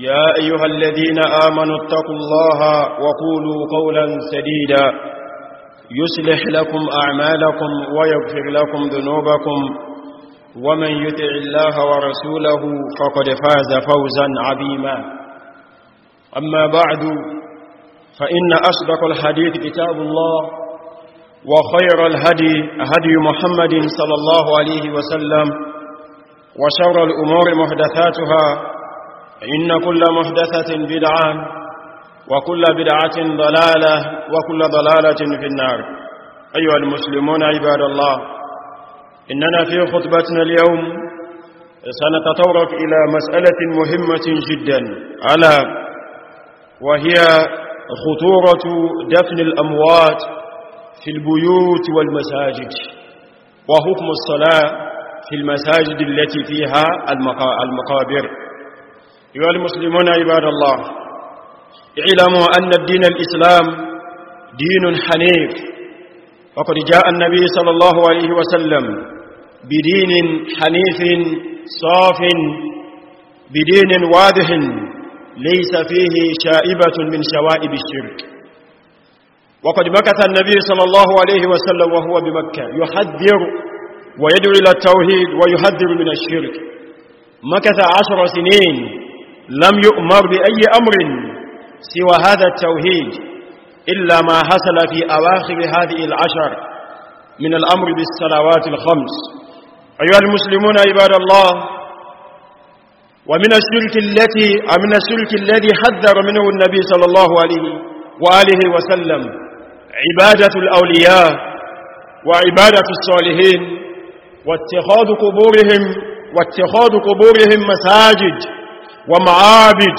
يا أيها الذين آمنوا اتقوا الله وقولوا قولا سديدا يصلح لكم أعمالكم ويغفر لكم ذنوبكم ومن يطع الله ورسوله فقد فاز فوزا عظيما أما بعد فإن أصدق الحديث كتاب الله وخير الهدي هدي محمد صلى الله عليه وسلم وشر الأمور محدثاتها إن كل محدثة بدعة وكل بدعة ضلالة وكل ضلالة في النار أيها المسلمون عباد الله إننا في خطبتنا اليوم سنتطرق إلى مسألة مهمة جدا ألا وهي خطورة دفن الأموات في البيوت والمساجد وحكم الصلاة في المساجد التي فيها المقابر أيها المسلمون عباد الله اعلموا أن الدين الإسلام دين حنيف وقد جاء النبي صلى الله عليه وسلم بدين حنيف صاف بدين واضح ليس فيه شائبة من شوائب الشرك وقد مكث النبي صلى الله عليه وسلم وهو بمكة يحذر ويدعو إلى التوحيد ويحذر من الشرك مكث عشر سنين لم يؤمر بأي أمر سوى هذا التوحيد إلا ما حصل في أواخر هذه العشر من الأمر بالصلوات الخمس أيها المسلمون عباد الله ومن السلك التي من السلك الذي حذر منه النبي صلى الله عليه وآله وسلم عبادة الأولياء وعبادة الصالحين واتخاذ قبورهم واتخاذ قبورهم مساجد ومعابد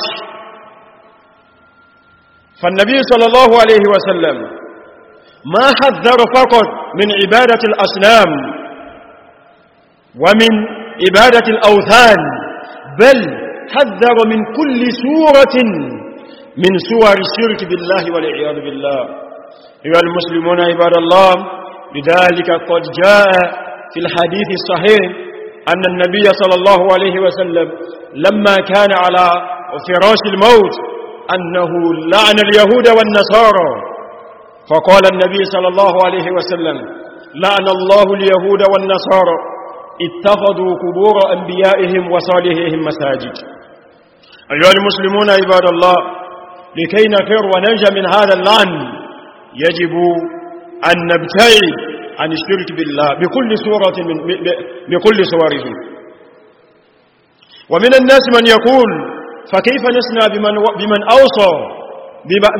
فالنبي صلى الله عليه وسلم ما حذر فقط من عبادة الأصنام ومن عبادة الأوثان بل حذر من كل سورة من سور الشرك بالله والعياذ بالله أيها المسلمون عباد الله لذلك قد جاء في الحديث الصحيح أن النبي صلى الله عليه وسلم لما كان على فراش الموت أنه لعن اليهود والنصارى فقال النبي صلى الله عليه وسلم لعن الله اليهود والنصارى اتخذوا قبور أنبيائهم وصالحهم مساجد أيها المسلمون عباد الله لكي نفر وننجى من هذا اللعن يجب أن نبتعد عن الشرك بالله بكل سورة من بكل سوره ومن الناس من يقول فكيف نسنى بمن, بمن أوصى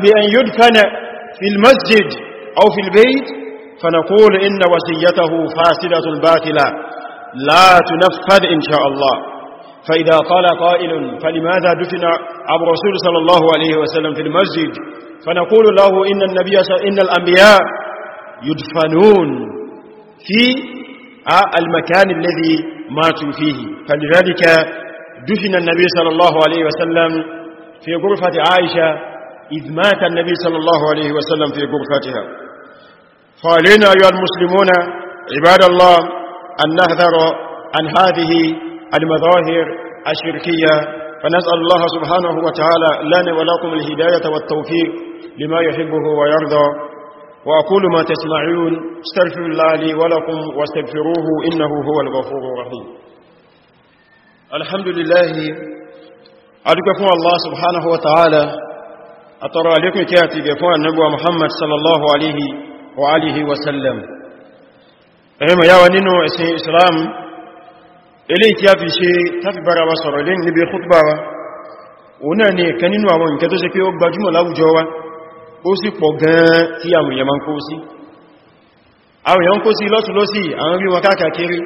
بأن يدفن في المسجد أو في البيت فنقول إن وسيته فاسدة باطلة لا تنفذ إن شاء الله فإذا قال قائل فلماذا دفن عبر رسول صلى الله عليه وسلم في المسجد فنقول له إن, النبي إن الأنبياء يدفنون في آه، المكان الذي ماتوا فيه فلذلك دفن النبي صلى الله عليه وسلم في غرفة عائشة إذ مات النبي صلى الله عليه وسلم في غرفتها فعلينا أيها المسلمون عباد الله أن نحذر عن هذه المظاهر الشركية فنسأل الله سبحانه وتعالى لنا ولكم الهداية والتوفيق لما يحبه ويرضى وأقول ما تسمعون استغفر الله لي ولكم واستغفروه إنه هو الغفور الرحيم الحمد لله أدقكم الله سبحانه وتعالى أترى لكم كاتي يكون النبوة محمد صلى الله عليه وآله وسلم أهم يا ونينو إسلام إسلام إليك يا في شيء تفبر وصر bára نبي خطبه lẹ́yìn níbi khutbah wa òun náà ni ẹ̀kan ó sì pọ̀ gan-an tí àwọn èèyàn máa ń kó sí àwọn èèyàn kó sí lọ́tún lọ́sí àwọn bí wọn káàkiri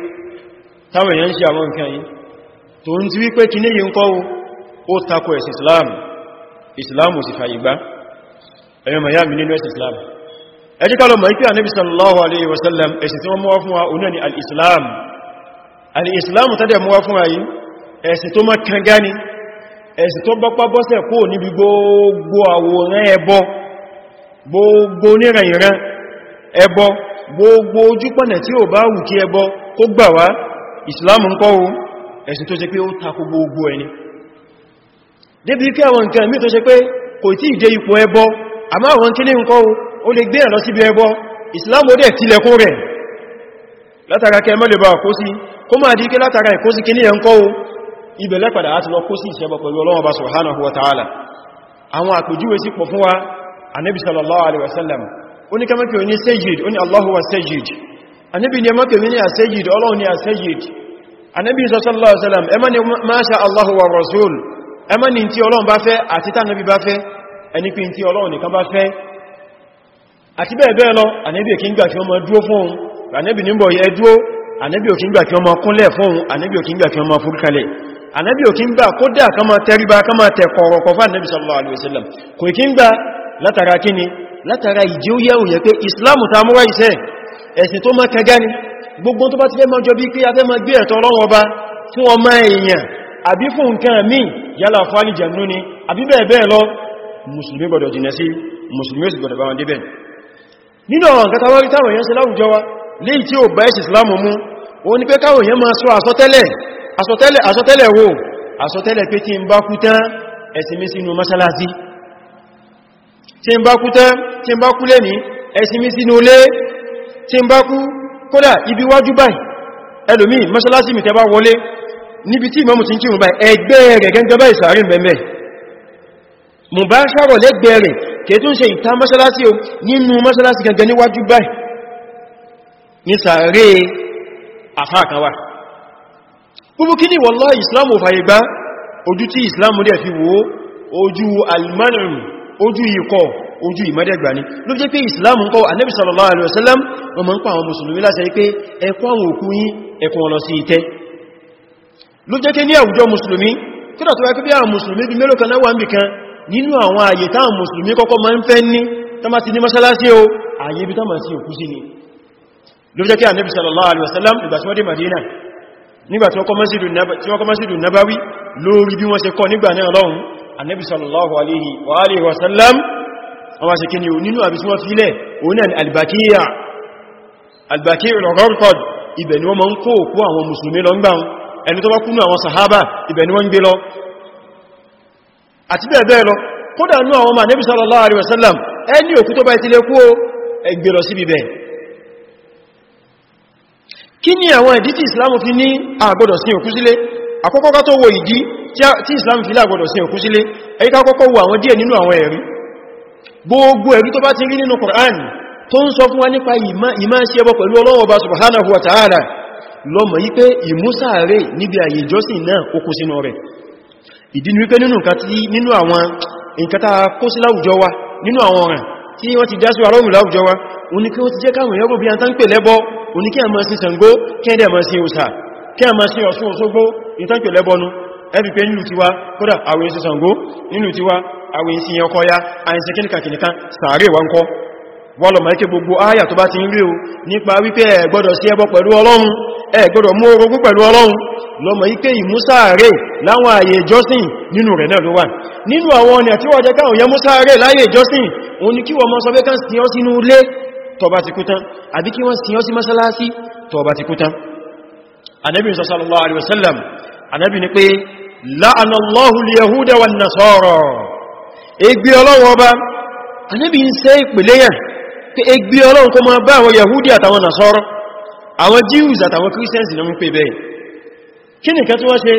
táwọn èèyàn ń ṣe àwọn nǹkan yìí tó ń ti wípé kí níyìn kọ́ ó takò ẹ̀sì Islam Islam ò sì fàyè gbà ẹ̀yọ mọ̀ yá ẹ̀sì Islam ẹjí kálọ mọ̀ ipé ànábì sallallahu wasallam ẹ̀sì tí wọ́n al-Islam al-Islam tó dẹ̀ mú wá fún wa yìí ẹ̀sì tó mọ́ kan gani gbogbo àwòrán ẹbọ gbogbo oníran ìran ẹbọ gbogbo ojúpọ̀nà tí ó bá wù kí ẹbọ kó gbà wá ìsìláàmù ń kọ́ o ẹ̀sìn tó ṣe pé ó tako gbogbo ẹni débi kí àwọn nǹkan mí tó ṣe pé kò tí ìdé ipò ẹbọ àmá àwọn ní láti lọ kó sí ìṣẹ́bọ̀ pẹ̀lú bá àwọn àpèjúwe sí pọ̀ fún annabi sallallahu alaihi wasallam ó ní kama pè ní sayyid ó ní allahu wa sayyid annabi ní ma pè ní a sayyid ọlọ́run ní a sayyid annabi sallallahu alaihi wasallam ẹ má ní ma sha allahu wa rasul ẹ má ní tí ọlọ́run bá fẹ́ àti tí annabi bá fẹ́ ẹni pé tí ọlọ́run nìkan bá fẹ́ àti bẹ́ẹ̀ bẹ́ẹ̀ lọ annabi kì í gbà kí wọ́n máa dúó fún annabi ní bọ̀ yẹ dúó annabi ò kì í gbà kí wọ́n máa kúnlẹ̀ annabi ò kì í gbà kí wọ́n máa annabi ò kí ń kódà kama tẹríba kama tẹ̀kọ̀ọ̀rọ̀kọ̀ fún annabi sallallahu alaihi wasallam kò kí ń látara kíni látara ìjí ó yẹ̀wò yẹ pé islamu ta múwá iṣẹ́ ẹ̀sìn tó mọ́ kẹgá ni gbogbo tó bá ti fẹ́ mọ́ jọ bí pé a fẹ́ mọ́ gbé ẹ̀tọ́ ọlọ́wọ́ bá fún ọmọ èèyàn àbí fún nǹkan mí yálà fún alìjẹ̀nú ni àbí bẹ́ẹ̀ bẹ́ẹ̀ lọ mùsùlùmí gbọdọ̀ jìnà sí mùsùlùmí sì gbọdọ̀ bá wọn débẹ̀ nínú àwọn nǹkan tàwọn ìtàwọn èèyàn sí láwùjọ wa léyìí tí ó bá ẹ̀sì islamu mú òun ni pé káwọn èèyàn máa sọ àsọtẹ́lẹ̀ tí ń bá kú tán tí ń bá kú lè ní ẹ̀sìn mi sínú ilé tí ń bá kú kódà ibi wájú báyìí ẹlòmí mọ́ṣálásí mi tẹ́ bá wọlé níbi tí ìmọ́mù ti ń kírùn báyìí ẹgbẹ́ rẹ̀ gẹ́gẹ́ báyìí sàárín bẹ̀mẹ̀ mù bá ṣàrọ̀ lẹ́gbẹ́ rẹ̀ kìí almanu ojú ikọ̀ ojú ìmọ́dẹ̀gbà ni ló jẹ́ pé islam ń kọ́ anẹ́bì sallallahu alaihi wasallam wọ́n mọ́ ń pa àwọn mùsùlùmí láṣẹ pé ẹ kó àwọn òkú yín ẹ kó wọn lọ sí ìtẹ́ ló jẹ́ pé ní àwùjọ mùsùlùmí kódà tó wáyé pé bí àwọn mùsùlùmí bí mélòó kan náwà ń bì kan nínú àwọn ààyè Madina nígbà tí wọ́n kọ́ mọ́sídù Nabawi lórí bí wọ́n ṣe kọ́ nígbà náà lọ́hùn annabi sallallahu alaihi wa alihi wa sallam wọ́n wá ṣe kí ni o nínú àbí tí wọ́n fílẹ̀ òun náà ni albakiya albakiya al-gharqad ibẹ̀ ni wọ́n ma ń kó òkú àwọn musulmi lọ ń gbà ẹni tó bá kú àwọn sahaba ibẹ̀ ni wọ́n gbé lọ àti bẹ́ẹ̀ bẹ́ẹ̀ lọ kódà ní àwọn ọmọ annabi sallallahu alaihi wa sallam ẹni òkú tó bá ìtílé kú ẹgbẹ̀ lọ síbi bẹ́ẹ̀ kí ni àwọn ìdí tí ìsìlámù fi ní àgbọ́dọ̀ sí òkú sílé àkọ́kọ́ ká tó wo ìdí tí Islam fi lágbọ́dọ̀ sí òkú sílé èyí ká kọ́kọ́ wo àwọn díẹ̀ nínú àwọn ẹ̀rí gbogbo ẹ̀rí tó bá ti rí nínú Qur'an tó ń sọ fún wa nípa ìmá sí ẹbọ pẹ̀lú Ọlọ́hun bá subhanahu wa ta'ala lọ́mọ̀ yí pé ìmúsàárè níbi àyè ìjọsìn náà ni wípé nínú àwọn nǹkan tá kó sí láwùjọ wa nínú àwọn ọ̀ràn tí wọ́n ti dá sí wa lọ́rùn láwùjọ wa oní kí wọ́n ti jẹ́ káwọn ẹ̀rọ bí i àtàn pè lẹ́bọ oní kí a máa sí Ṣàngó kí a máa sí ẹbí pé nílùú tiwa kódà àwọn èsì Ṣàngó nílùú tiwa àwọn èsì yẹn kọ́ya àìsí kíníkà kìníkà sàárè wa ń kọ́ wọ́lọ̀ ma ike gbogbo ayà tó bá ti ń rí o nípa wípé ẹ gbọ́dọ̀ sí ẹbọ pẹ̀lú Ọlọ́run ẹ gbọ́dọ̀ mú orogún pẹ̀lú Ọlọ́run lọ́mọ ike ìmúsáàrè láwọn ààyè ìjọsìn nínú rẹ̀ náà ló wà nínú àwọn ọ̀nà tí wọ́n jẹ́ káwọn yẹ músáàrè láyé ìjọsìn òun ni kí wọ́n mọ́ sọ láàánà lọ́hùlì yahuda wà nà sọ́rọ̀ egbé ọlọ́run ọba anábi ń sẹ́ ìpìlẹ̀yàn pé egbé ọlọ́run kó máa bá àwọn yahudi àtàwọn nà sọ́rọ̀ àwọn jews àtàwọn christians ni wọ́n pè bẹ́ẹ̀ kí ni ká tí wọ́n ṣe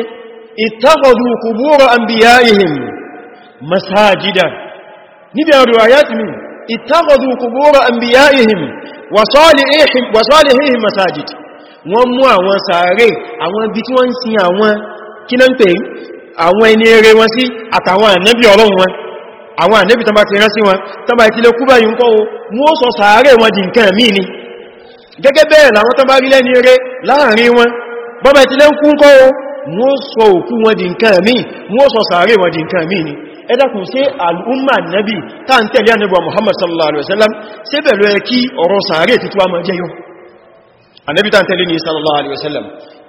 ittakhadhu qubura anbiyaihim masajida níbi àwọn riwayat mi ittakhadhu wọ́n mú àwọn sàárè àwọn ibi tí wọ́n ń sin àwọn kí ló ń pè àwọn ẹni eré wọn sí àtàwọn ànábì ọlọ́run wọn àwọn ànábì tán bá ti rán sí wọn tán bá ti lè kúbà yìí ń kọ́ wọ́n sọ sàárè wọn di nǹkan míì ni gẹ́gẹ́ bẹ́ẹ̀ làwọn tán rí lẹ́ni eré láàrin wọn bọ́n nabi tá ń tẹ̀lé Muhammad sallallahu alaihi wasallam ṣé bẹ̀lú ẹ kí ànábì tá ń tẹ̀lé ní sallallahu alaihi wasallam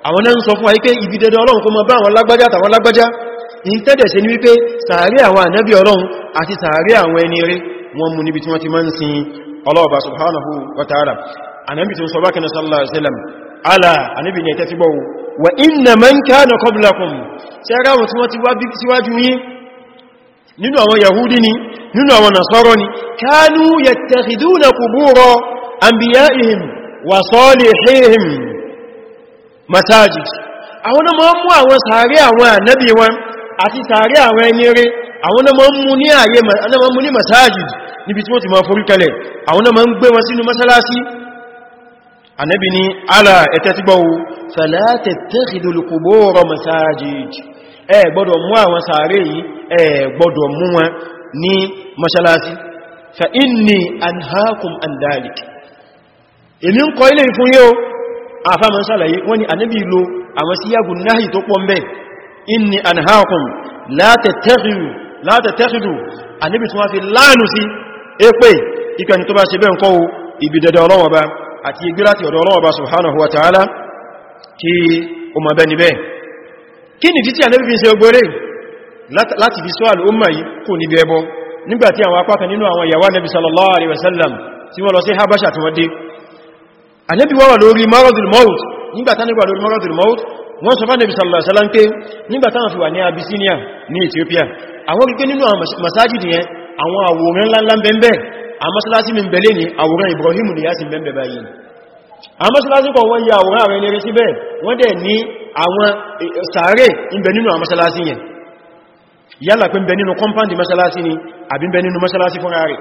àwọn náà ń sọ fún àyíké ibi dẹ̀dẹ̀ ọlọ́run kó mọ bá àwọn lágbájá àtàwọn lágbájá in tẹ́dẹ̀ ṣe ní wípé sàárẹ́ àwọn ànábì ọlọ́run àti sàárẹ́ àwọn ẹni rere wọn mú níbi tí wọ́n ti máa ń sin ọlọ́ọ̀bá subhanahu wa ta'ala ànábì tó ń sọ bákan sallallahu alaihi wasallam ala ànábì ní ẹ̀tẹ́ ti gbọ́ wa inna man kana qablakum ṣe ara wọn tí wọ́n ti wá síwájú yín nínú yahudi ni nínú àwọn nasọ́rọ̀ ni kanu yattakhiduna qubura anbiya'ihim wà salihihim masajid àwọn náà máa ń mú àwọn sàárè àwọn ànábì wọn àti sàárè àwọn ẹnire àwọn náà máa ń mú ní àyè náà máa ń mú ní masajid níbi tí wọ́n ti máa forí àwọn náà ń gbé wọn sínú mọ́sálásí fa inni anhaakum an dhalik èmi ń kọ ilé ìfún yíó àfáàmà sàlàyé wọ́n ni ànábì lo àwọn sí yàgùn náà tó pọ̀ mẹ́ inni anhaakum la tattakhidhu ànábì tún wá fi láàánú sí épè ìpẹni tó bá ṣe bẹ́ ǹkọ́ ibi dẹ̀dẹ̀ Ọlọ́run Ọba àti igbí láti ọ̀dọ̀ Ọlọ́run Ọba subhanahu wa ta'ala kí o ma bẹni bẹ́ kí ni títí sallallahu wasallam tí wọ́n lọ sí habasha tí wọ́n dé ànábì wa wà lórí maradul maut nígbàtá nígbà lori maradul maut wọ́n sọ fánàbí sallallahu alaihi wasallam pé nígbàtá wọ́n fi wà ní Abyssinia ní Ethiopia àwọn rí pé nínú masajid yẹn àwọn àwòrán ńláńlá bẹ́ẹ̀ a min bẹ̀lẹ̀ ni àwòrán Ibrahim ni yasin bẹ́ẹ̀ báyìí a masalasi kan wọ́n yí àwòrán àwọn ẹni síbẹ̀ wọ́n dẹ̀ ní àwọn e, e, sàárè ìbẹ̀ nínú a masalasi yẹn yálà pé ń bẹ nínú compound masalasi ni àbí ń bẹ masalasi fúnra rẹ̀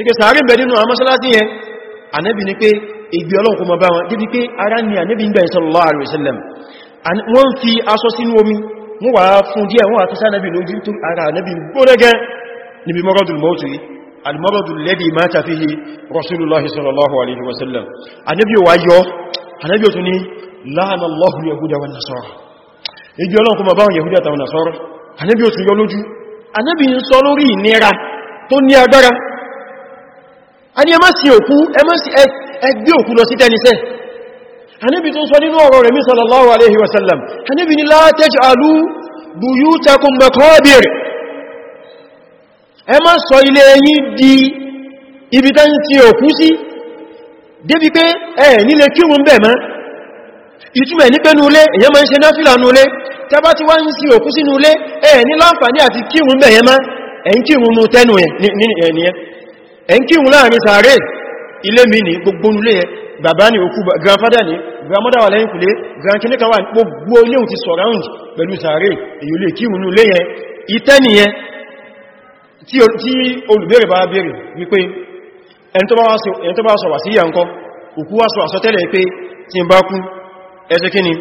ike sàárè ń bẹ nínú a masalasi yẹn Ànábì ìgbé ọlọ́run kó mọ bá wọn débi pé ara ní ànábì ń gbà sallallahu alaihi wasallam wọ́n fi aṣọ sínú omi wọ́n wà fún díẹ̀ wọ́n àti sánàbì lójú tó ara ànábì gbónẹ́gẹ́ níbi maradul mautu yìí almaradul ladhi mata fihi rasulullahi sallallahu alaihi wasallam ànábì wá yọ ànábì tún ní la'ana Allahu yahuda wan nasara ìgbé ọlọ́run kó mọ bá wọn yahuda àtàwọn nasara ànábì tún ẹgbẹ́ òkú lọ sí tẹ́nisẹ́ Ànábì tó sọ nínú ọ̀rọ̀ rẹ̀ mí sallallahu alaihi wasallam Ànábì ni la taj'alu buyutakum maqabir ẹ má sọ ilé yín di ibi tẹ́ ń sin òkú sí débi pé ẹ nílé kírun bẹ̀ mọ́ ìtumẹ̀ ní pé nulé èyàn máa ń ṣe náfílà nulé tẹbá tí láàrin sàárè ilé mi ní gbogbo ilé ẹ bàbá ní òkú grandfather ní grandmother wà lẹ́yìn kùlé grandkinika wà gbogbo ilé ò ti surround pẹ̀lú sàárè èyí olè kí ìrùnú ilé yẹn ìtẹ́ nìyẹn tí olùbẹ̀rẹ̀ bá bẹ̀rẹ̀ wípé ẹni tó bá sọ wà sí ìyà ńkọ́ òkú wá sọ àsọtẹ́lẹ̀ pé tí ń bá kú ẹsẹ́ kí ni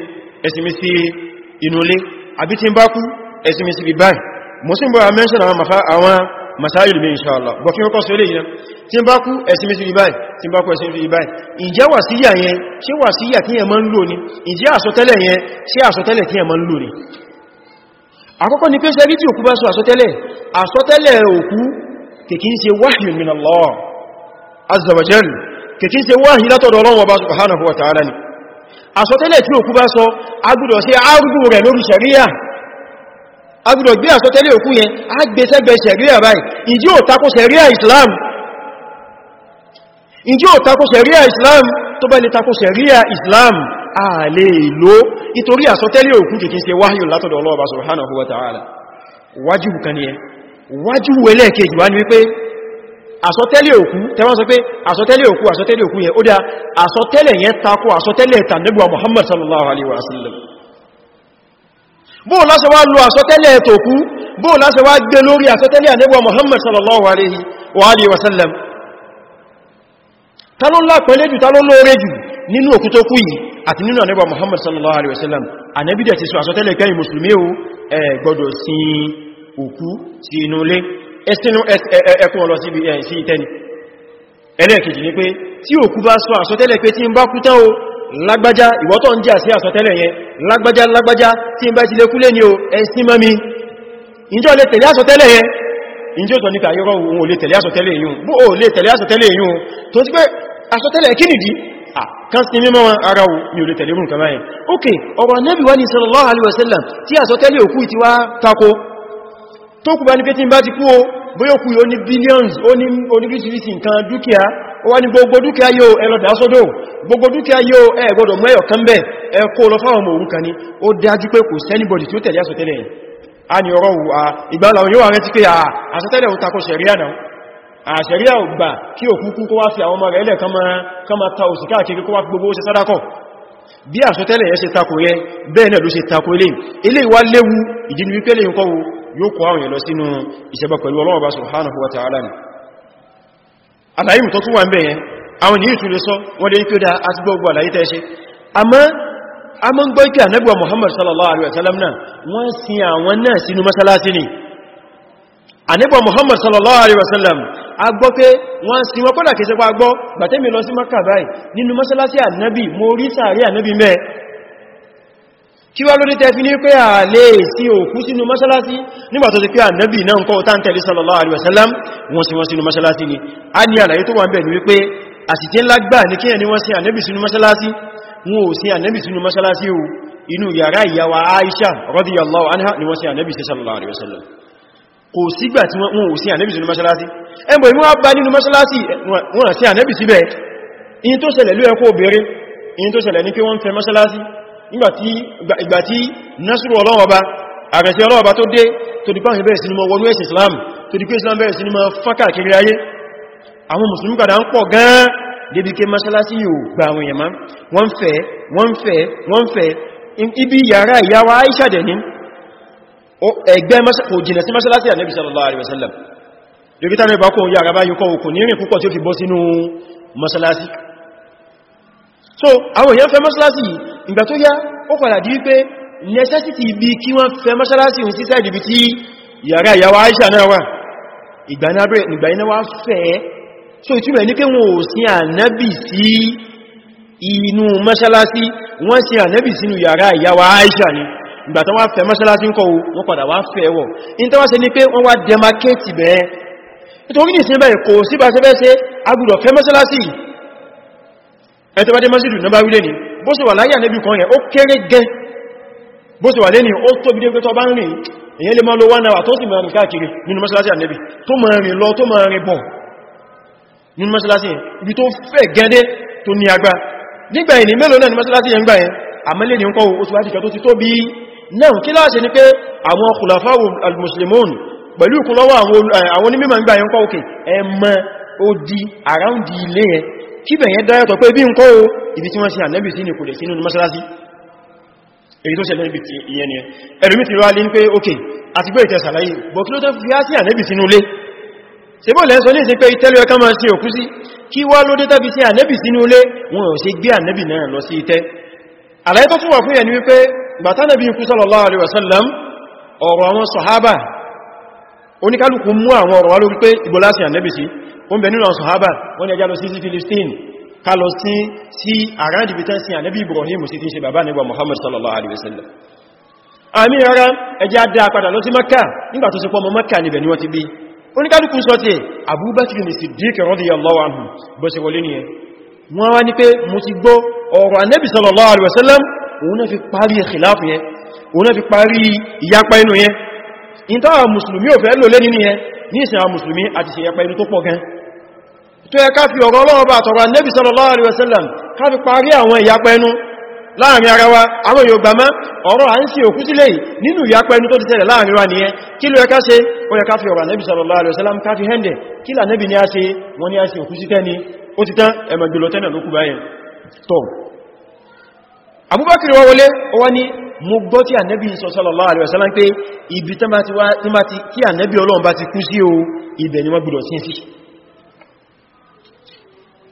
ẹsìmí sí àbí tí ń bá kú ẹsìmí bíbáì mo sì ń bọ́ masáyìl mi insha Allah bọ̀ kí ó kọ́ sí olè yìí tí bá kú ẹ̀sìn mi sí ibáyì tí bá kú ẹ̀sìn yẹn ṣe kí ma ń lò ní ìjẹ́ àsọtẹ́lẹ̀ yẹn ṣe àsọtẹ́lẹ̀ kí ẹ ma ń lò ni pé tí òkú bá sọ àsọtẹ́lẹ̀ àsọtẹ́lẹ̀ òkú kìkí ń ṣe Allah azza wa kìkí ń ṣe wáhì látọ̀dọ̀ Ọlọ́run Ọba ni àsọtẹ́lẹ̀ tí òkú bá sọ agbúdọ̀ sí rẹ̀ lórí agbùdọ̀ gbé àsọtẹ́lẹ̀ òkú yẹn a gbé sẹ́gbẹ̀ sẹ̀ríà báyìí ìjí ò takò sẹ̀ríà Islam ìjí ò takò sẹ̀ríà Islam tó bá lè takò sẹ̀ríà Islam a lè lò nítorí àsọtẹ́lẹ̀ òkú kìí ṣe wáyù látọ̀dọ̀ Ọlọ́run subhanahu wa ta'ala wájìbù kan ni wájìbù ẹlẹ́ẹ̀kejì wá ni wípé àsọtẹ́lẹ̀ òkú tẹwọ́n sọ pé àsọtẹ́lẹ̀ òkú àsọtẹ́lẹ̀ òkú yẹn ó dá àsọtẹ́lẹ̀ bóò láṣẹ wá lo àsọtẹ́lẹ̀ tòkú bóò láṣẹ wá gbé lórí àsọtẹ́lẹ̀ àníbọ̀ Muhammad sallallahu alaihi wa alihi wasallam ta ló lápẹ̀lẹ́ jù ta ló lóore jù nínú òkú tó kú yìí àti nínú àníbọ̀ Muhammad sallallahu alaihi wasallam ànábì dẹ̀ ti sọ àsọtẹ́lẹ̀ kẹ́yìn mùsùlùmí ó ẹ gbọ́dọ̀ sin òkú sí inú ilé ẹsìnú ẹkùn ọlọ sí ìtẹ́ni ẹlẹ́ẹ̀kejì ni pé tí òkú bá sọ àsọtẹ́lẹ̀ pé tí ń bá kú tán o lágbájá ìwọ tó ń jà sí àsọtẹ́lẹ̀ yẹn lágbájá lágbájá tí ń bá ti lè kúlé ní o ẹ̀sìn mọ́ mi ìjọ lè tẹ̀lé àsọtẹ́lẹ̀ yẹn ìjọ tó nípa ayọ́rọ̀ òun ò lè tẹ̀lé àsọtẹ́lẹ̀ yìí bó o lè tẹ̀lé àsọtẹ́lẹ̀ yìí tó ti pé àsọtẹ́lẹ̀ kí nìdí kan sí mímọ́ ara wù ní olè tẹ̀lé múnkà báyìí ok ọ̀rọ̀ Ànábì wa ni sallallahu alaihi wasallam tí àsọtẹ́lẹ̀ òkú ti wá tako tó kù bá ní pé tí ń bá ti kú o bóyókù yóò ní billions ó ní oníbìsìbìsì nǹkan dúkìá wọ́n ní gbogbo dúkìá yóò ẹ lọ dà sódò gbogbo dúkìá yóò ẹ gbọ́dọ̀ mú ẹyọ kan bẹ́ ẹ kó lọ fáwọn ọmọ òrukàn ni ó dájú pé kò sẹ́nibọ̀dì tí ó tẹ̀lé àsọtẹ́lẹ̀ yìí a ní ọ̀rọ̀ ìgbàlàwò yóò rẹ̀ ti pé àsọtẹ́lẹ̀ ó takò sẹ̀ríà náà àṣẹ̀ríà ò gbà kí òkúkú kó wá fi àwọn ọmọ yóò kọ́ àwọn èèyàn sínú ìṣẹ́bà pẹ̀lú Ọlọ́run Ọba subhanahu wa ta'ala àlàyé mùtọ́ tún wà ń bẹ̀ yẹn àwọn ènìyàn tún lè sọ wọ́n lè kí ó dá àti gbogbo àlàyé tẹ́ ṣe àmọ́ a mọ́ ń gbọ́ ikẹ́ ànẹ́bùwa Muhammad sallallahu alaihi wasallam náà wọ́n sin àwọn náà sínú masalasi ni ànẹ́bùwa Muhammad sallallahu alaihi wasallam a gbọ́ pé wọ́n sin wọ́n kọ́dà kẹsẹ́pá gbọ́ gbàtẹ́mi lọ sí Makkah báyìí nínú masalasi ànẹ́bì mo kí wá lórí tẹ́fí ní pé à lè sí òkú sínú mọ́ṣálásí nígbà tó ti pé ànábì náà ń kọ́ tán tẹ̀lé sallallahu alaihi wasallam wọ́n sí wọ́n sínú mọ́ṣálásí ni a ní àlàyé tó wà ń bẹ̀ ní wípé àsìtí ńlá gbà ní kíyàn ní wọ́n sí ànábì sínú mọ́ṣálásí wọn ò sí ànábì sínú mọ́ṣálásí o inú yàrá Aisha radiyallahu anha ni wọ́n sí ànábì sí sallallahu alaihi wasallam kò sígbà tí wọn ò sí ànábì sínú mọ́ṣálásí ẹgbẹ̀ ìmú àbá nínú mọ́ṣálásí wọn sí ànábì síbẹ̀ in tó ṣẹlẹ̀ ló ẹkọ́ obìnrin in tó ṣẹlẹ̀ ní pé wọ́n fẹ́ mọ́ṣálásí ìgbàtí nasiru ọlọ́wọ́ba àrẹ̀tẹ̀ ọlọ́wọ́ba tó dé tó dípá ìbẹ̀rẹ̀ sí ni mọ́ wọnú ẹ̀sìn Islam tó dípé Islam bẹ̀rẹ̀ sí ni mọ́ fákà kiri ayé àwọn mùsùlùmí padà ń pọ̀ gan-an débi ké masalasi yóò gba àwọn èèyàn má wọ́n fẹ́ wọ́n fẹ́ wọ́n fẹ́ ibi yàrá ìyáwá Aisha dẹ̀ ẹgbẹ́ kò jìnà sí masalasi Ànábì sallallahu alaihi wasallam lórí tánà ìbá kò yàrá bá yíkọ òkùn nírìn púpọ̀ tí ó fi bọ́ sínú so àwọn èèyàn fẹ́ masalasi ìgbà tó yá ó padà di wípé necessity bí kí wọ́n fẹ́ mọ́ṣálásí òun sísẹ́ ìdìbí tí yàrá ìyàwó Aisha náà wà ìgbà iná wá fẹ́ so ìtumọ̀ ní pé wọn ò sin ànábì sí inú mọ́ṣálásí wọ́n sin ànábì sínú yàrá ìyàwó Aisha ni ìgbà tó wá fẹ́ mọ́ṣálásí ń kọ́ wọn padà wá fẹ́ wọ̀ in tó wá ṣe ní pé wọ́n wá demarcate bẹ́ẹ̀ nítorí ní ìsinmi bẹ́ẹ̀ kò náà bá wílé ni bó ṣe wà láyé ànẹ́bì kan yẹn ó kéré gẹ́ bó ṣe wà lẹ́ni ó tóbi dé pé tó bá ń rìn èyàn lè máa lo one hour tó sì máa rìn káàkiri nínú mọ́sálásí ànẹ́bì tó máa rìn lọ tó máa rìn bọ̀ nínú mọ́sálásí yẹn ibi tó fẹ̀ gẹ́dẹ́ tó ní agbá nígbà ìní mélòó náà ní eh, mọ́sálásí yẹn gbà around ilé yẹn kíbẹ̀ yẹn dáyàtọ̀ pé bí n kọ́ o ibi tí wọ́n sí ànẹ́bì sí ní kò lè sínú mọ́sálásí èyí tó ṣẹlẹ̀ ibi tí ìyẹn ni ẹ̀rùmí ti rálé ń pé ókè àti pé ìtẹ̀sàlàyé bọ̀ kí ló tó fi á sí ànẹ́bì sínú ilé ṣe bọ́ lẹ́sọ lè ṣe pé ìtẹ́lẹ̀ ẹka máa sí òkú sí kí wá ló dé tàbí sí ànẹ́bì sínú ilé wọn ò ṣe gbé ànẹ́bì náà lọ sí ìtẹ́ àlàyé tó tún wà fún ẹni wípé gbàtánàbí ikú sallallahu alaihi wasallam ọ̀rọ̀ àwọn sọ̀hábà oníkálùkù mú àwọn ọ̀rọ̀ wá lórí pé ìbọ̀lá sí ànẹ́bì sí wọ́n bẹ̀ nínú ọ̀sọ̀hábà wọ́n ni ẹjá lọ sí sí Philistine ká lọ sí sí àrádìbítán sí ànábì Ibrahim sí ti ṣe bàbá nígbà Muhammad sallallahu alaihi wasallam àmì ara ẹjá dá padà lọ sí Makka nígbà tó sì pọ́ mọ́ Makka níbẹ̀ ni wọ́n ti bí oníkálùkù sọ ti Abubakar ni Siddiq radiyallahu anhu bó ṣe wọlé nìyẹn wọ́n wá ní pé mo ti gbọ́ ọ̀rọ̀ ànábì sallallahu ìyapa inú yẹn in táwọn musulmi ò fẹ́ lò lé nínú yẹn ní ìsìn àwọn musulmi àti ṣe ìyapa inú tó pọ̀ gan tó yẹ ká fi ọ̀rọ̀ Ọlọ́run bá àtọ̀rọ̀ Ànábì sallallahu alaihi wasallam ká fi parí àwọn ìyapẹnu láàrin ara wa àwọn Yorùbá mọ́ ọ̀rọ̀ à ń sí òkú sílẹ̀ nínú ìyapẹnu tó ti tẹ̀lẹ̀ láàrin wa sallallahu wasallam ká fi hẹ́ndẹ̀ kí l'Ànábì ní a ṣe wọ́n ní a ṣe òkú sí tẹ́ni ó ti tán wọlé ó ní mo gbọ́ tí ànẹ́bí sallallahu alaihi wasallam pé ibi tí ànẹ́bí Ọlọ́run bá ti kú sí o ibẹ̀ ni wọ́n gbọ́dọ̀ sí sí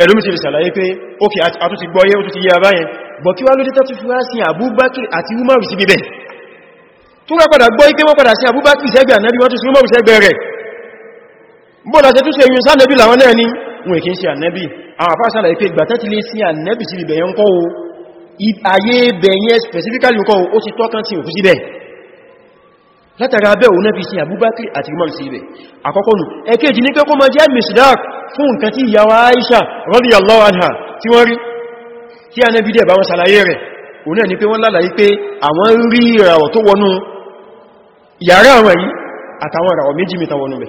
ẹlùmí ti fi sàlàyé pé ókè àtún ti gbọ́yé ó tún ti yẹ abáyẹn bọ̀ kí wá ló dé tàtù fi wá sí àbúbákìrì àti umaru sí bíbẹ̀ tó wá padà gbọ́ ikẹ́ wọ́n padà sí àbúbákìrì sẹ́gbẹ̀ ànábí wọ́n tún sí umaru sẹ́gbẹ̀ rẹ̀ bọ́lá ṣe tún ṣe yun sánẹ́bí làwọn náà ní wọn kì í ṣe ànábí àwọn afá sàlàyé pé gbà tẹ́tí lé sí ànábí sí ibẹ̀ yẹn kọ́ o ayé o ó ti tọ́kàn látara abẹ́ òun náà fi sin àbúbákì àti Umar sí ibẹ̀ àkọ́kọ́ nù ẹ̀kẹ́jì ní pé kó ma jẹ́ misdaq fún nǹkan tí ìyá Aisha radiyallahu anha tí wọ́n rí tí a náà bídẹ̀ bá wọn sàlàyé rẹ̀ òun náà ni pé wọ́n lálàyé pé àwọn rí ìràwọ̀ tó wọnú yàrá àwọn yìí àtàwọn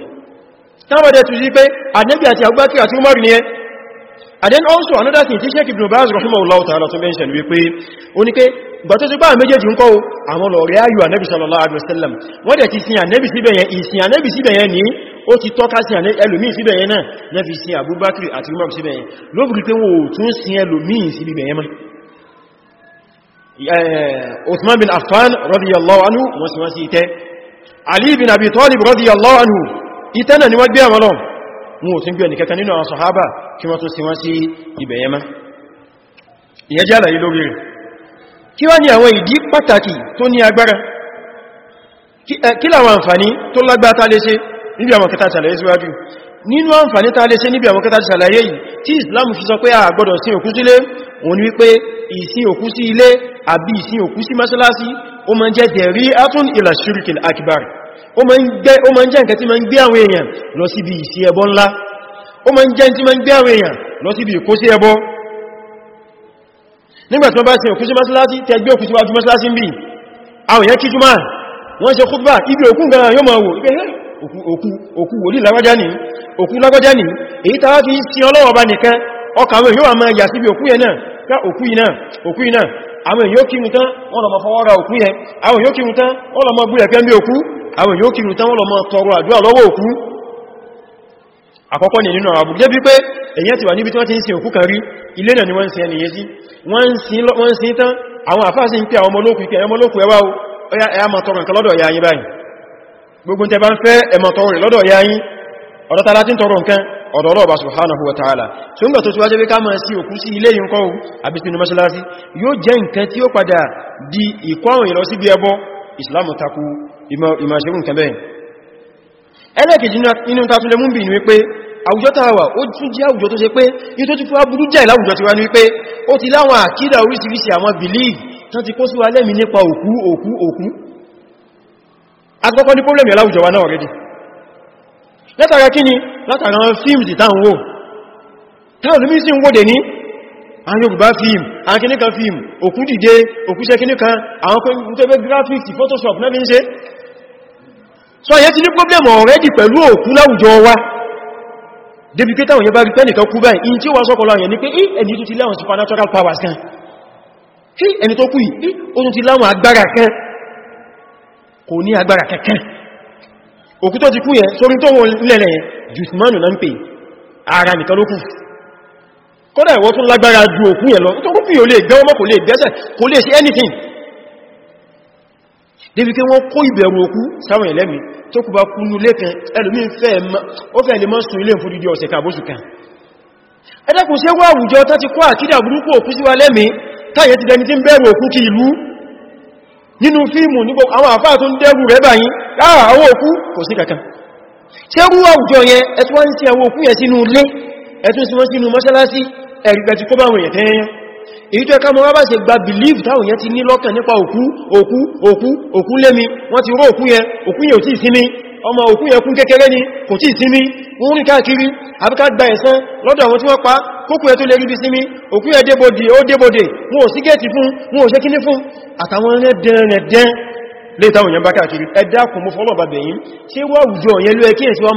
and then also another thing tí Sheikh Ibn Baz mention wípé ó ní pé gbà tó ti pá méjèèjì ń kọ́ àwọn lọ̀rẹ́ ayò ànẹ́bì sallallahu alaihi wasallam wọ́n dẹ̀ ti sin ànẹ́bì síbẹ̀ yẹn ìsìn ànẹ́bì síbẹ̀ yẹn ní ó ti tọ́ka sí ẹlòmí síbẹ̀ yẹn náà nẹ́fi sin Abubakar àti Umar síbẹ̀ yẹn lóbi pé wọ́n tún sin ẹlòmí síbẹ̀ yẹn mọ́ Uthman bin Affan radiyallahu anhu wọ́n sin wọ́n sí ìtẹ́ Ali bin Abi Talib radiyallahu anhu ìtẹ́ náà ni wọ́n gbé àlàyé lórí rẹ̀ kí wá ní àwọn ìdí pàtàkì tó ní agbára kí eh, láwọn àǹfàní tó lágbára tá lè ṣe níbi àwọn kẹta ṣàlàyé síwájú nínú àǹfàní tá lè ṣe níbi àwọn kẹta ṣàlàyé yìí tí Islam fi sọ pé a gbọ́dọ̀ sin òkú sílé òun wípé ìsin òkú sí ilé àbí ìsin òkú sí mọ́sálásí ó ma nígbàtí wọ́n bá sin òkú sí mọ́sálásí tẹ gbé òkú síwájú mọ́sálásí ń bí àwọn èèyàn kí jùmọ́ wọ́n ṣe kútbà ibi òkú gan yóò máa wò òkú wòlí lágbájá ní òkú lágbájá ní èyí tàbá fi sí ọlọ́wọ́ bá nìkan ọkàwẹ̀ yóò máa yà síbi òkú yẹn náà ká òkú iná òkú iná àwọn èèyàn kírun tán wọ́n lọ mọ fọwọ́ ra òkú yẹn àwọn èèyàn kírun tán wọ́n lọ mọ àkọ́kọ́ ní nínú àbúrú débi pé èyàn ti wà níbi tí wọ́n ti ń sin òkú kan rí ilé náà ni wọ́n sin ẹni yẹsí wọ́n sin tán àwọn àfáàsí ń pẹ àwọn ọmọlókù ikẹ̀ ọmọlókù ẹwà ẹyàmọ̀ tọrọ nǹkan lọ́dọ̀ ya yín báyìí gbogbo tẹ bá ń fẹ́ ẹmọ̀ tọrọ rẹ̀ lọ́dọ̀ ya yín ọ̀dọ̀ tààlá tí ń tọrọ nǹkan ọ̀dọ̀ ọlọ́ọ̀bá subhanahu wa ta'ala tí ó ń gbà tó síwájẹ́ bí máa sí òkú sí ilé yìí kọ́wù àbí sínú yóò jẹ́ nǹkan tí ó padà di ìkọ́ àwọn ìlọ sí bí ẹbọ ìsìlámù takú ìmọ̀ ìṣẹ́gun kẹbẹ̀ ẹlẹ́kejì àwùjọ tàwà ó tún jẹ́ àwùjọ tó ṣe pé yí tó ti fún àbúrú jẹ́ ìlàwùjọ ti wá ní wípé ó ti láwọn àkídà oríṣiríṣi àwọn belief tán ti kó sí wa lẹ́mí nípa òkú òkú òkú akọ́kọ́ ní problem ìlàwùjọ wa náà rẹ̀dì látara kí ni látara fíìmù ti táwọn wò táwọn olómi sí ń wòdè ní àwọn Yorùbá fíìmù àwọn kìníkan fíìmù òkú dìde òkú ṣe kìníkan àwọn pẹ̀lú graphics Photoshop náà fi ń ṣe so yẹ́ ti ní problem already pẹ̀lú òkú láwùjọ wa débi pé táwọn yẹn bá rí pẹ́nìkan kú báyìí in tí wọ́n sọ́kọ̀ láwọn yẹn ni pé ẹni tó ti láwọn supernatural powers kan tí ẹni tó kú yìí ó tún ti láwọn agbára kan kò ní agbára kankan òkú tó ti kú yẹn sórí tó wọ́n lẹ́lẹ̀ jùsmanu na ń pè ara nìkan ló kù kódà ìwọ tún lágbára ju òkú yẹn lọ tó kú yìí ò lè gẹ́ ọmọ kò lè dẹ́sẹ̀ kò lè ṣe anything débi pé tó kú bá kú ní ilé kan ẹlùmí ó fẹ́ lè mọ́ sùn ilé fún dídí ọ̀sẹ̀ kàbóṣù kan ẹ̀dẹ́kùn ṣe wá àwùjọ tó ti kó àkídà burúkú òkú síwá lẹ́mí táyẹ ti dẹni tí ń bẹ̀rù òkú kí ìlú nínú fíìmù nígbò àwọn àfáà tó ń dẹ́rù rẹ̀ èyí tó ẹka mọ́ bá ṣe gba belief táwọn yẹn ti ní lọ́kàn nípa òkú òkú òkú òkú lémi wọ́n ti ró òkú yẹn òkú yẹn ò tí ìsinmi ọmọ òkú yẹn kún kékeré ni kò tí ìsinmi wọ́n rìn káàkiri àbíká gba ẹ̀san lọ́dọ̀ àwọn tí wọ́n pa kókù ẹ̀ tó lè ríbi sinmi òkú ẹ̀ débòdè ó débòdè wọn ò sí gẹ́ẹ̀tì fún wọn ò ṣe kíní fún àtàwọn ẹ̀dẹ́rẹ̀dẹ́n lè táwọn èèyàn bá káàkiri ẹ dákun mú fọ́lọ̀bà bẹ̀yìn ṣe wá òjò ọ̀yẹ́ ló ẹkí ẹ̀sí wá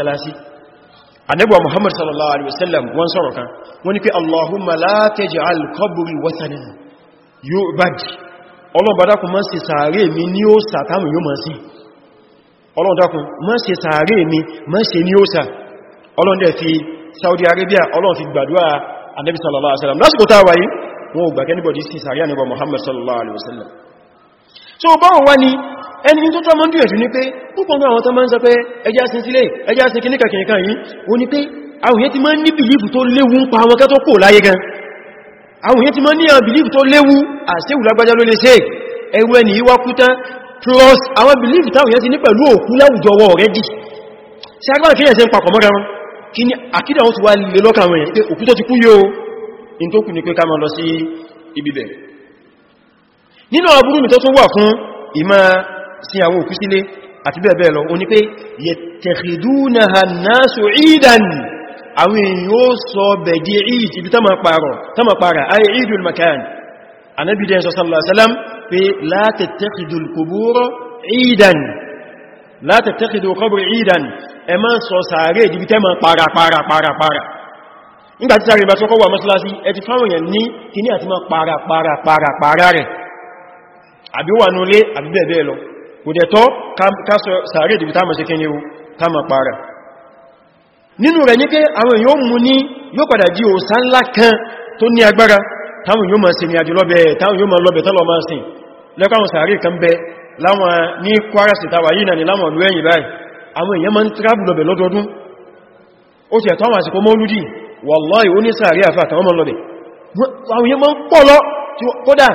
mọ́ anẹ́gbà muhammad sallallahu alaihi wasallam wọ́n sọ̀rọ̀ kan wọ́n ní pé allahumma la taj'al qabri wathanan yu'bad ọlọ́bàdákun má ṣe sàárè mi ní ó sàtàmù yóò máa sí ọlọ́dákun má ṣe sàárè mi má ṣe ní ó sà ọlọ́dẹ̀ fi saudi arabia ọlọ́n fi gbàdúrà anẹ́bì sallallahu alaihi wasallam so báwọn wá ní ẹni tó tọ́mọ́ dúrẹ̀ jù ní pé púpọ̀ náà àwọn tó máa ń sọ pé ẹjá sin sílé ẹjá sin kí níkà kìnìkà yìí o ní pé àwọn èyí ti máa ń ní bìlífù tó léwu ń pa àwọn kẹ́tọ́ kò láyé gan àwọn èyí ti máa ń ní àwọn bìlífù tó léwu àṣẹ́wù lágbájá ló lè ṣe ẹwú ẹni yíwá kútán plus àwọn bìlífù táwọn ti ní pẹ̀lú òkú láwùjọ wọ rẹ̀ dì sí agbára kí ẹ̀ṣẹ́ nínú àbúrú mi tó tún wà fún ìmá sin àwọn òkú sílé àti bẹ́ẹ̀ bẹ́ẹ̀ lọ o ní pé yattakhidunaha an-nasu 'idan àwọn èèyàn ó sọ bẹ̀dí eid ibi tó máa pààrọ̀ tó máa pààrà ayé eidul makan anábìdẹ̀ sọ sallallahu alaihi wasallam pé la tattakhidul qubur 'idan la tattakhidul qubur 'idan ẹ má sọ sàárè ibi tẹ́ máa pààrà pààrà fáwọn èèyàn ní kíní àti máa pààrà rẹ̀ àbí wà ní olé àbí bẹ́ẹ̀ lọ kò dẹ̀ tọ́ kásọ sàárè dìbí táàmà ṣe kí ní o táàmà para nínú rẹ̀ ní pé àwọn èèyàn mú ní yóò padà di òsá ńlá kan tó ní agbára táwọn èèyàn máa sin ní àjò lọ́bẹ̀ ni láwọn ìlú ẹ̀yìn báyìí àwọn èèyàn máa ń tíráàbù lọ́bẹ̀ lọ́dọọdún ó ti ẹ̀tọ́ àwọn àsìkò mọ́lúdì wàláì ó ní sàárè àfà àtàwọn máa lọ́bẹ̀ àwọn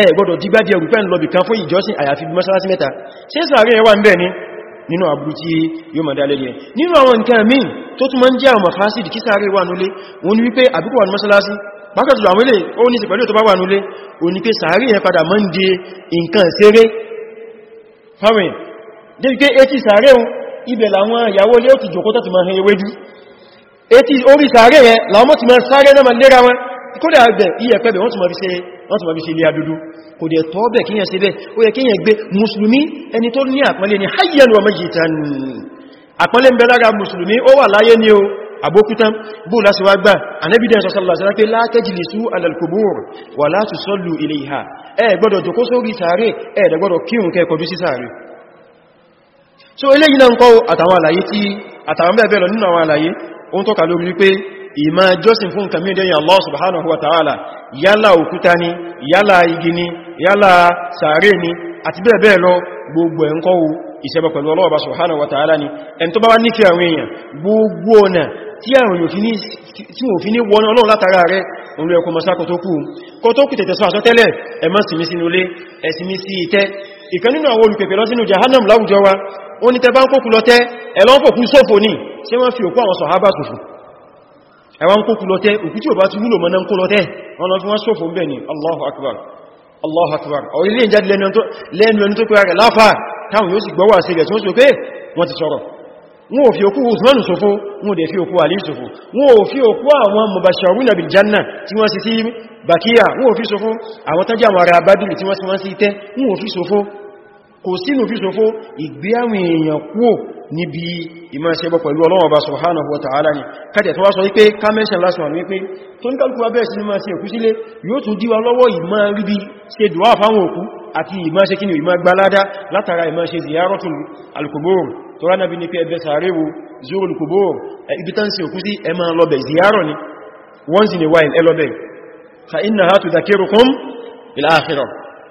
ẹ gbọ́dọ̀ jígbájẹ̀ rúpẹ́ ń lọ bìkan fún ìjọsìn àyàfi bí mọ́sálásí mẹ́ta ṣe sàárẹ̀ ẹwà ń bẹ̀ ní nínú àbúrú tí yóò mọ̀ dálẹ́lẹ́ nínú àwọn nǹkan míì tó tún mọ́ ń jẹ́ àwọn mafásìdì kí sàárẹ̀ wà núlé wọn ni wípé àbíkò wà ní mọ́sálásí pàkàtùlù àwọn ilé ó ní sí pẹ̀lú tó bá wà núlé ó ní pé sàárẹ̀ yẹn padà mọ́ ń di nǹkan ṣeré fáwọn débi pé etí sàárẹ̀ ohun ibẹ̀ làwọn ìyàwó ilé ó ti jòkó tọ́tù máa ewédú etí orí sàárẹ̀ yẹn làwọn mọ́ ti máa sáré náà lera wọn kódà àgbẹ̀ iyẹ̀pẹ̀bẹ̀ wọ́n ti máa fi ṣe wọ́n ti ma fi ṣe ilé adúdú kò dẹ̀ tọ́ bẹ̀ kíyàn ṣe bẹ́ ó yẹ kíyàn gbé musulmi ẹni tó ní àpọ́nlé ní hayyan wa mayitan àpọ́nlé ń bẹ musulmi ó wà láyé ní o abókútán bó lásì anẹ́bìdẹ̀ la tajlisu ala al-qubur wa la tusallu ilayha ẹ gbọ́dọ̀ jókòó sórí sàárè ẹ gbọ́dọ̀ so eléyìí náà ń kọ́ àtàwọn àlàyé tí àtàwọn bẹ́ẹ̀ bẹ́ẹ̀ lọ nínú ìmá jọ́sìn fún nǹkan mìí dẹ́yìn Allah subhanahu wa ta'ala yálà òkúta ni yálà igi ni yálà sàárè ni àti bẹ́ẹ̀ bẹ́ẹ̀ lọ gbogbo ẹ̀ńkọ́wò ìṣẹ́bẹ̀ pẹ̀lú Allah subhanahu wa ta'ala ni ẹn tó bá wá nífẹ́ àwọn èèyàn gbogbo ọ̀nà tí àwọn yóò fi ní wọ́n Ọlọ́run látara rẹ̀ orí ẹkùn mọ̀sá kò tó kú kò tó kù tẹ̀tẹ̀ sọ àsọtẹ́lẹ̀ ẹmọ́ sinmi sínú ilé ẹ̀sinmi sí ìtẹ́ ìkan nínú àwọn olùpẹ̀pẹ̀ lọ sínú jahannam láwùjọ wa ó ní ẹ̀lọ́pọ̀ kú sófò ní ṣé wọ́n fi òkú àwọn sọ̀hábà sòfò ẹwọ́n kó kú lọ́tẹ́ òkú tí ó bá ti wúlò mọ́ náà kó lọ́tẹ́ wọn lọ fi wọ́n ṣòfò ń bẹ̀ ni Allahu Akbar Allahu Akbar ọ̀rọ̀ ilé ìjáde lẹ́nu ẹni tó pẹ́ rẹ̀ láfà táwọn yóò sì gbọ́wà sí rẹ̀ tí wọ́n sì pé wọ́n ti sọ̀rọ̀ wọn ò fi òkú Usman ṣòfò wọn ò dẹ̀ fi òkú Ali ṣòfò wọn ò fi òkú àwọn mubashiruna níbi ìmọ́ṣẹ́bọ̀ pẹ̀lú Ọlọ́run Ọba subhanahu wa ta'ala ni kájẹ̀ tó wá sọ wípé kámẹ́ṣẹ̀ lásán wípé tó ń kálùkù abẹ́ sí mímọ̀ sí òkú sílé yóò tún díwa lọ́wọ́ ìmọ̀ ríbi ṣe dùwà fáwọn òkú àti ìmọ́ṣẹ́ kí ni ìmọ̀ gbalada látara ìmọ̀ṣẹ́ ziyaratul alkubur once in a while ẹlọ́bẹ̀ fa innaha tudhakirukum bil akhirah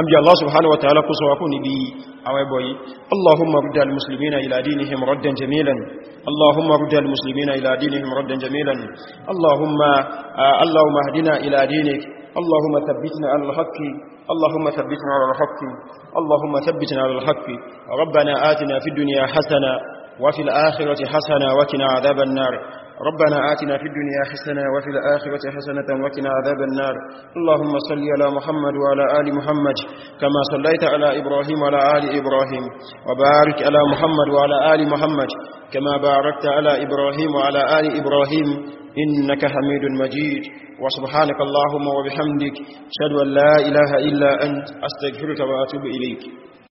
àbí Allah subhanahu wa ta'ala kó sọ wákún níbi àwọn ẹbọ yìí Allahumma rudda al-muslimina ila dinihim raddan jamilan Allahumma rudda al-muslimina ila dinihim raddan jamilan Allahumma Allahumma hdina ila dinik Allahumma thabbitna ala al-haqq اللهم ثبتنا على الحق اللهم ثبتنا على الحق ربنا آتنا في الدنيا حسنة وفي الآخرة حسنة وقنا عذاب النار ربنا آتنا في الدنيا حسنة وفي الآخرة حسنة وقنا عذاب النار اللهم صل على محمد وعلى آل محمد كما صليت على إبراهيم وعلى آل إبراهيم وبارك على محمد وعلى آل محمد كما باركت على إبراهيم وعلى آل إبراهيم إنك حميد مجيد وسبحانك اللهم وبحمدك شهد أن لا إله إلا أنت أستغفرك وأتوب إليك